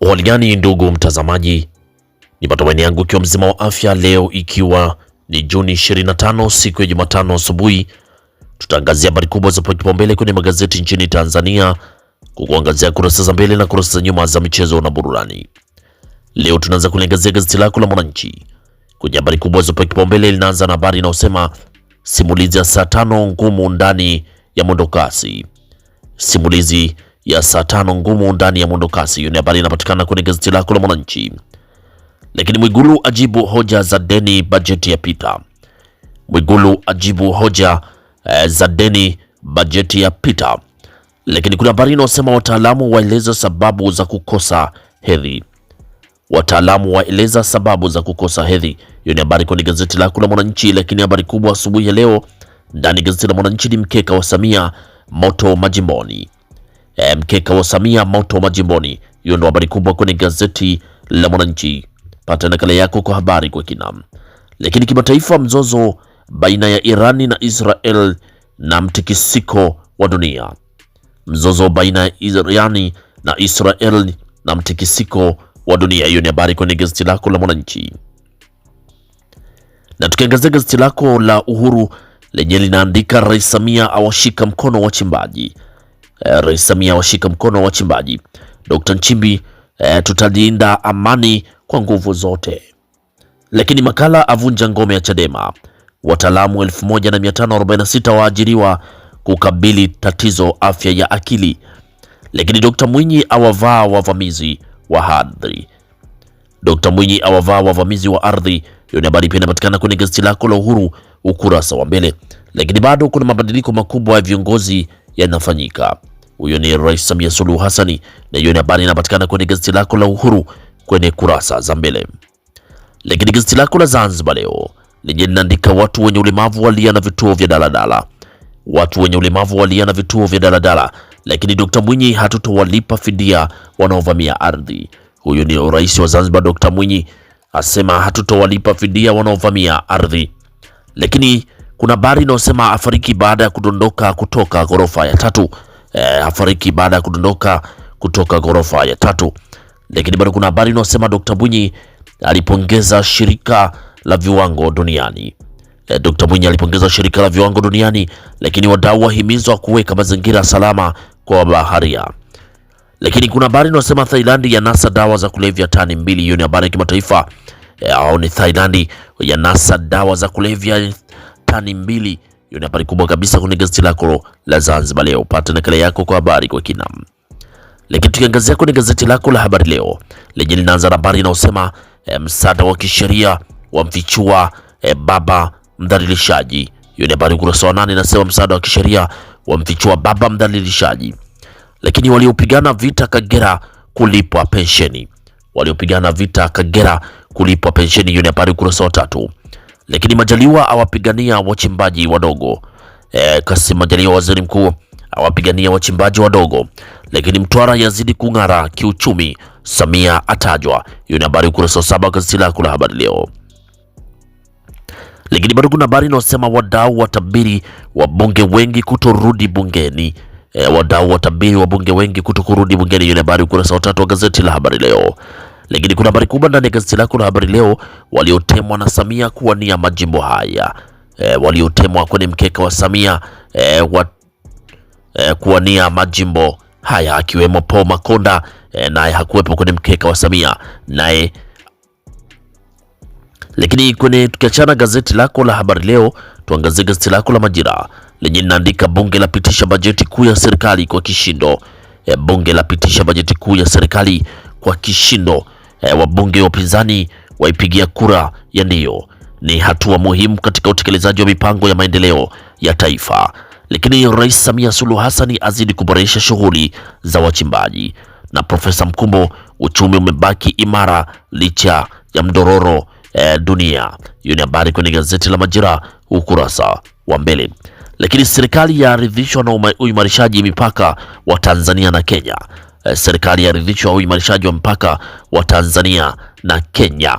Uhaligani ndugu mtazamaji, ni matumaini yangu ikiwa mzima wa afya leo, ikiwa ni Juni 25 siku ya Jumatano asubuhi, tutaangazia habari kubwa zapewa kipaumbele kwenye magazeti nchini Tanzania, kukuangazia kurasa za mbele na kurasa za nyuma za michezo na burudani. Leo tunaanza kuliangazia gazeti lako la Mwananchi kwenye habari kubwa zapewa kipaumbele, linaanza na habari inayosema simulizi ya saa tano ngumu ndani ya mwendokasi simulizi ya saa tano ngumu ndani ya mwendokasi. Hiyo ni habari inapatikana kwenye gazeti lako la Mwananchi. Lakini Mwigulu ajibu hoja za deni bajeti ya pita. Mwigulu ajibu hoja eh, za deni bajeti ya pita. Lakini kuna habari inayosema wataalamu waeleza sababu za kukosa hedhi. Wataalamu waeleza sababu za kukosa hedhi. Hiyo ni habari kwenye gazeti lako la Mwananchi. Lakini habari kubwa asubuhi ya leo ndani gazeti la Mwananchi ni mkeka wa Samia moto majimboni e, mkeka wa Samia moto wa majimboni. Hiyo ndo habari kubwa kwenye gazeti la Mwananchi, pata nakala yako kwa habari kwa kina. Lakini kimataifa, mzozo baina ya Irani na Israel na mtikisiko wa dunia. Mzozo baina ya Irani na Israel na mtikisiko wa dunia. Hiyo ni habari kwenye gazeti lako la Mwananchi, na tukiangazia gazeti lako la Uhuru lenye linaandika Rais Samia awashika mkono wachimbaji eh, Rais Samia washika mkono wachimbaji. Dr. Nchimbi eh, tutalinda amani kwa nguvu zote. Lakini makala avunja ngome ya Chadema. Wataalamu 1546 waajiriwa kukabili tatizo afya ya akili. Lakini Dr. Mwinyi awavaa wavamizi wa ardhi. Dr. Mwinyi awavaa wavamizi wa ardhi. Hiyo ni habari pia inapatikana kwenye gazeti lako la Uhuru ukurasa wa mbele. Lakini bado kuna mabadiliko makubwa ya viongozi yanafanyika. Huyo ni Rais Samia Suluhu Hassani, na hiyo ni habari inapatikana kwenye gazeti lako la Uhuru kwenye kurasa za mbele. Lakini gazeti lako la Zanzibar Leo lenye linaandika watu wenye ulemavu walia na vituo vya daladala, watu wenye ulemavu walia na vituo vya daladala. Lakini Dr Mwinyi, hatutowalipa fidia wanaovamia ardhi. Huyo ni rais wa Zanzibar Dr Mwinyi asema hatutowalipa fidia wanaovamia ardhi. Lakini kuna habari inayosema afariki baada ya kudondoka kutoka ghorofa ya tatu eh, afariki baada ya kudondoka kutoka ghorofa ya tatu. Lakini bado kuna habari inayosema Dr. Mwinyi alipongeza shirika la viwango duniani. Eh, Dr. Mwinyi alipongeza shirika la viwango duniani, lakini wadau wahimizwa kuweka mazingira salama kwa baharia. Lakini kuna habari inayosema Thailand ya nasa dawa za kulevya tani mbili. Hiyo ni habari ya kimataifa eh, au ni Thailand ya nasa dawa za kulevya tani mbili hiyo ni habari kubwa kabisa kwenye gazeti lako la Zanzibar Leo, pata nakala yako kwa habari kwa kina. Lakini tukiangazia kwenye gazeti lako la Habari Leo lenye linaanza na habari inayosema e, msaada wa kisheria wamfichua e, eh, baba mdhalilishaji. Hiyo ni habari ukurasa wa nane, inasema msaada wa kisheria wamfichua baba mdhalilishaji. Lakini waliopigana vita Kagera kulipwa pensheni, waliopigana vita Kagera kulipwa pensheni. Hiyo ni habari ukurasa wa tatu lakini Majaliwa awapigania wachimbaji wadogo. E, Kassim Majaliwa waziri mkuu awapigania wachimbaji wadogo, lakini Mtwara yazidi kung'ara kiuchumi, Samia atajwa. Hiyo ni habari ukurasa wa saba gazeti lako la habari leo. Lakini bado kuna habari inayosema wadau watabiri wabunge wengi kutorudi bungeni. E, wadau watabiri wabunge wengi kutokurudi bungeni. Hiyo ni habari ukurasa wa tatu wa gazeti la habari leo. Lakini kuna habari kubwa ndani ya gazeti lako la habari leo, waliotemwa na Samia kuwania majimbo haya e, waliotemwa kwenye mkeka wa Samia e, wa, e, kuwania majimbo haya akiwemo Paul Makonda e, naye hakuwepo kwenye mkeka wa Samia naye lakini kwenye tukiachana gazeti lako la habari leo, tuangazie gazeti lako la Majira lenye linaandika bunge lapitisha bajeti kuu ya serikali kwa kishindo. E, bunge lapitisha bajeti kuu ya serikali kwa kishindo eh, wabunge wa upinzani waipigia kura ya ndio. Ni hatua muhimu katika utekelezaji wa mipango ya maendeleo ya taifa. Lakini Rais Samia Suluhu Hassan azidi kuboresha shughuli za wachimbaji. Na Profesa Mkumbo, uchumi umebaki imara licha ya mdororo e, dunia. Hiyo ni habari kwenye gazeti la Majira ukurasa wa mbele. Lakini serikali yaridhishwa na uimarishaji mipaka wa Tanzania na Kenya. Eh, serikali yaridhishwa uimarishaji wa mpaka wa Tanzania na Kenya.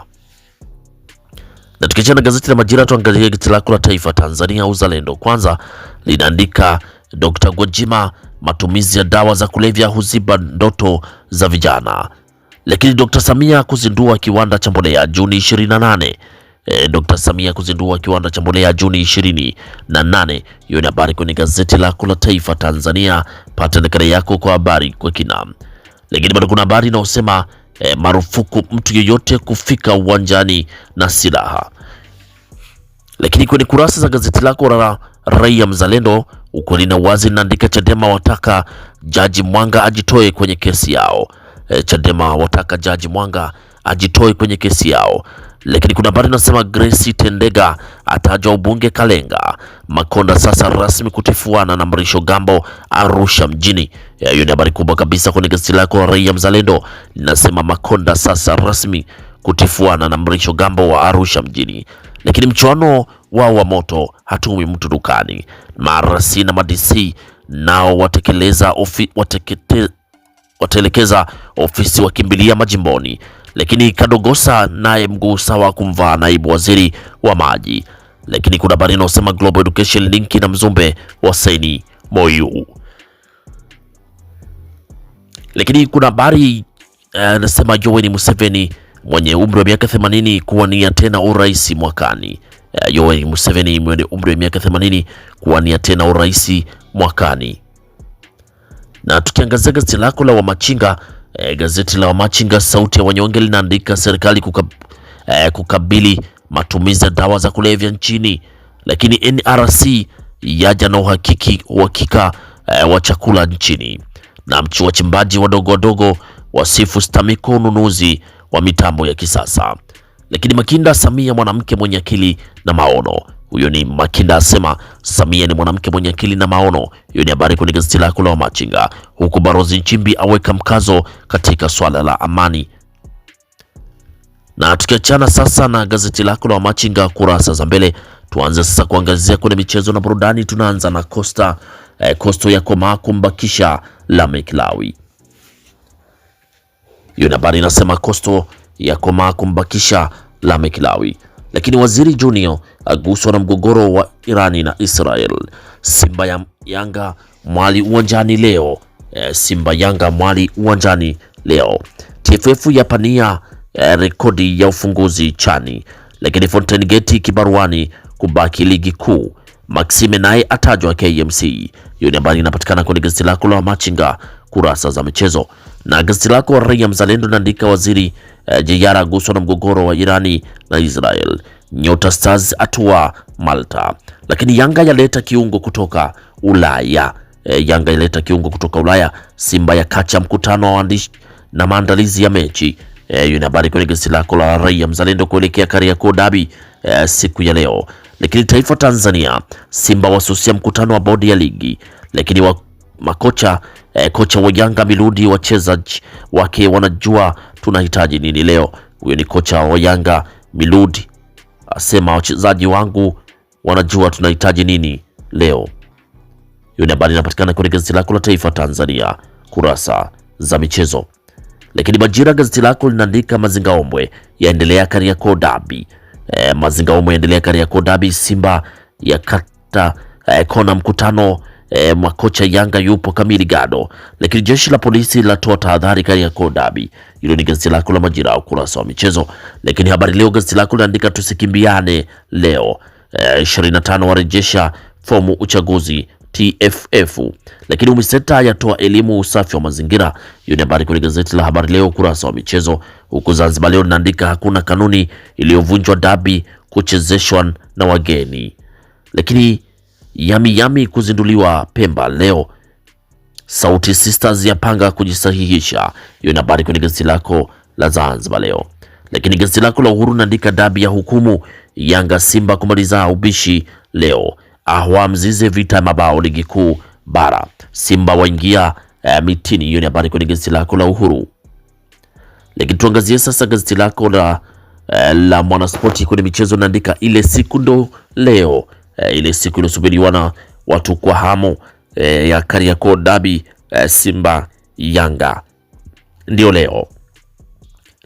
Na tukiachana na gazeti la Majira, tuangalie gazeti lako la Taifa Tanzania Uzalendo kwanza linaandika Dr. Gwajima, matumizi ya dawa za kulevya huziba ndoto za vijana, lakini Dr. Samia kuzindua kiwanda cha mbolea Juni 28 eh, Dr. Samia kuzindua kiwanda cha mbolea Juni ishirini na nane. Hiyo ni habari kwenye gazeti lako la Taifa Tanzania, pata nakala yako kwa habari kwa kina. Lakini bado kuna habari inayosema e, marufuku mtu yeyote kufika uwanjani na silaha. Lakini kwenye kurasa za gazeti lako la Raia Mzalendo, ukweli na uwazi linaandika Chadema wataka Jaji Mwanga ajitoe kwenye kesi yao. E, Chadema wataka Jaji Mwanga ajitoe kwenye kesi yao. Lakini kuna habari inasema Grace Tendega atajwa ubunge Kalenga. Makonda sasa rasmi kutifuana na Mrisho Gambo Arusha mjini. Hiyo ni habari kubwa kabisa kwenye gazeti lako Raia Mzalendo, linasema Makonda sasa rasmi kutifuana na Mrisho Gambo wa Arusha mjini. Lakini mchuano wao wa moto, hatumi mtu dukani. Marasi na madisi nao watekeleza ofi, watekete, watelekeza ofisi wakimbilia majimboni lakini kadogosa naye mguu sawa kumvaa naibu waziri wa maji. Lakini kuna habari inayosema Global Education Link na Mzumbe saini MOU. Lakini kuna habari anasema eh, uh, Yoweri Museveni mwenye umri wa miaka 80 kuwania tena urais mwakani. Uh, Yoweri Museveni mwenye umri wa miaka 80 kuwania tena urais mwakani. Na tukiangazia gazeti lako la Wamachinga E, gazeti la Wamachinga sauti ya wanyonge linaandika serikali kukab, e, eh, kukabili matumizi ya dawa za kulevya nchini, lakini NRC yaja na uhakiki uhakika e, wa chakula nchini, na wachimbaji wadogo wadogo wasifu STAMIKO ununuzi wa mitambo ya kisasa, lakini Makinda, Samia mwanamke mwenye akili na maono huyo ni Makinda asema Samia ni mwanamke mwenye akili na maono. Hiyo ni habari kwenye gazeti lako la Wamachinga, huku Barozi Nchimbi aweka mkazo katika swala la amani. Na tukiachana sasa na gazeti lako la Wamachinga kurasa za mbele, tuanze sasa kuangazia kwenye michezo na burudani. Tunaanza na Costa eh, Costa ya Koma kumbakisha la Meklawi. Hiyo ni habari inasema Costa ya Koma kumbakisha la Meklawi, lakini Waziri Junior aguswa na mgogoro wa Irani na Israel. Simba ya Yanga mwali uwanjani leo. E, Simba Yanga mwali uwanjani leo. TFF yapania e, rekodi ya ufunguzi chani, lakini Fountain Gate kibaruani kubaki ligi kuu. Maxime naye atajwa KMC. Hiyo ni habari inapatikana kwenye gazeti lako la Machinga kurasa za michezo, na gazeti lako Raia Mzalendo naandika waziri e, eh, Jiyara aguswa na mgogoro wa Irani na Israel. Nyota Stars atua Malta, lakini Yanga yaleta kiungo kutoka Ulaya. E, Yanga yaleta kiungo kutoka Ulaya. Simba kacha mkutano wa waandishi na maandalizi ya mechi e, ni habari kwenye gazeti lako la Raia Mzalendo kuelekea Kariakoo Dabi e, siku ya leo. Lakini Taifa Tanzania, Simba wasusia mkutano wa bodi ya ligi, lakini wa, makocha e, kocha wa Yanga miludi wachezaji wake wanajua tunahitaji nini leo. Huyo ni kocha wa Yanga Miludi asema wachezaji wangu wanajua tunahitaji nini leo. Hiyo ni habari inapatikana kwenye gazeti lako la Taifa Tanzania kurasa za michezo. Lakini Majira gazeti lako linaandika Mazingaombwe yaendelea Kariakoo dabi. E, Mazingaombwe yaendelea Kariakoo dabi. Simba ya kata e, kona mkutano e, eh, makocha Yanga yupo kamili gado, lakini jeshi la polisi latoa tahadhari kali ya Kodabi. Hilo ni gazeti lako la Majira ukurasa wa michezo, lakini Habari Leo gazeti lako linaandika tusikimbiane leo e, eh, 25 warejesha fomu uchaguzi TFF, lakini UMISETA yatoa elimu usafi wa mazingira. Hiyo ni habari kwenye gazeti la Habari Leo ukurasa wa michezo, huku Zanzibar Leo linaandika hakuna kanuni iliyovunjwa dabi kuchezeshwa na wageni, lakini Yami Yami kuzinduliwa Pemba leo. Sauti Sisters yapanga kujisahihisha. Hiyo ni habari kwenye gazeti lako la Zanzibar leo. Lakini gazeti lako la Uhuru naandika dabi ya hukumu, Yanga Simba kumaliza ubishi leo. Ahwa Mzize vita mabao ligi kuu bara, Simba waingia eh, mitini. Hiyo ni habari kwenye gazeti lako la Uhuru. Lakini tuangazie sasa gazeti lako la, eh, la Mwanaspoti kwenye michezo naandika ile siku ndo leo Eh, ile siku iliyosubiriwa na watu kwa hamu e, ya Kariakoo Derby e, Simba Yanga ndio leo,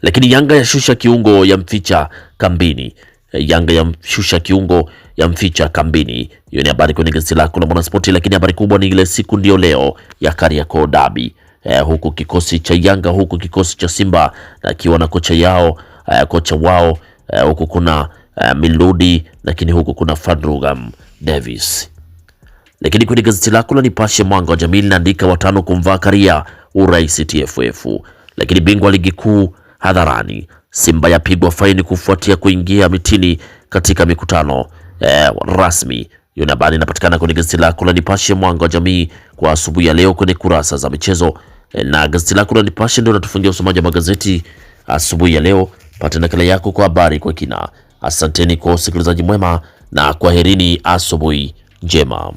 lakini Yanga yashusha kiungo ya mficha kambini. Yanga yamshusha kiungo ya mficha kambini. Hiyo ni habari kwenye gazeti lako la Mwanaspoti, lakini habari kubwa ni ile siku ndio leo ya Kariakoo Dabi E, huku kikosi cha Yanga huku kikosi cha Simba akiwa na kocha yao e, kocha wao e, huku kuna uh, Miludi, lakini huku kuna Fadrugam Davis. Lakini kwenye gazeti lako la Nipashe Mwanga wa Jamii linaandika watano kumvaa Karia urais TFF, lakini bingwa ligi kuu hadharani. Simba yapigwa faini kufuatia kuingia mitini katika mikutano eh, rasmi. Hiyo habari inapatikana kwenye gazeti lako la Nipashe Mwanga wa Jamii kwa asubuhi ya leo kwenye kurasa za michezo eh, na gazeti lako la Nipashe ndio natufungia usomaji wa magazeti asubuhi ya leo. Pata nakala yako kwa habari kwa kina. Asanteni kwa usikilizaji mwema na kwaherini, asubuhi njema.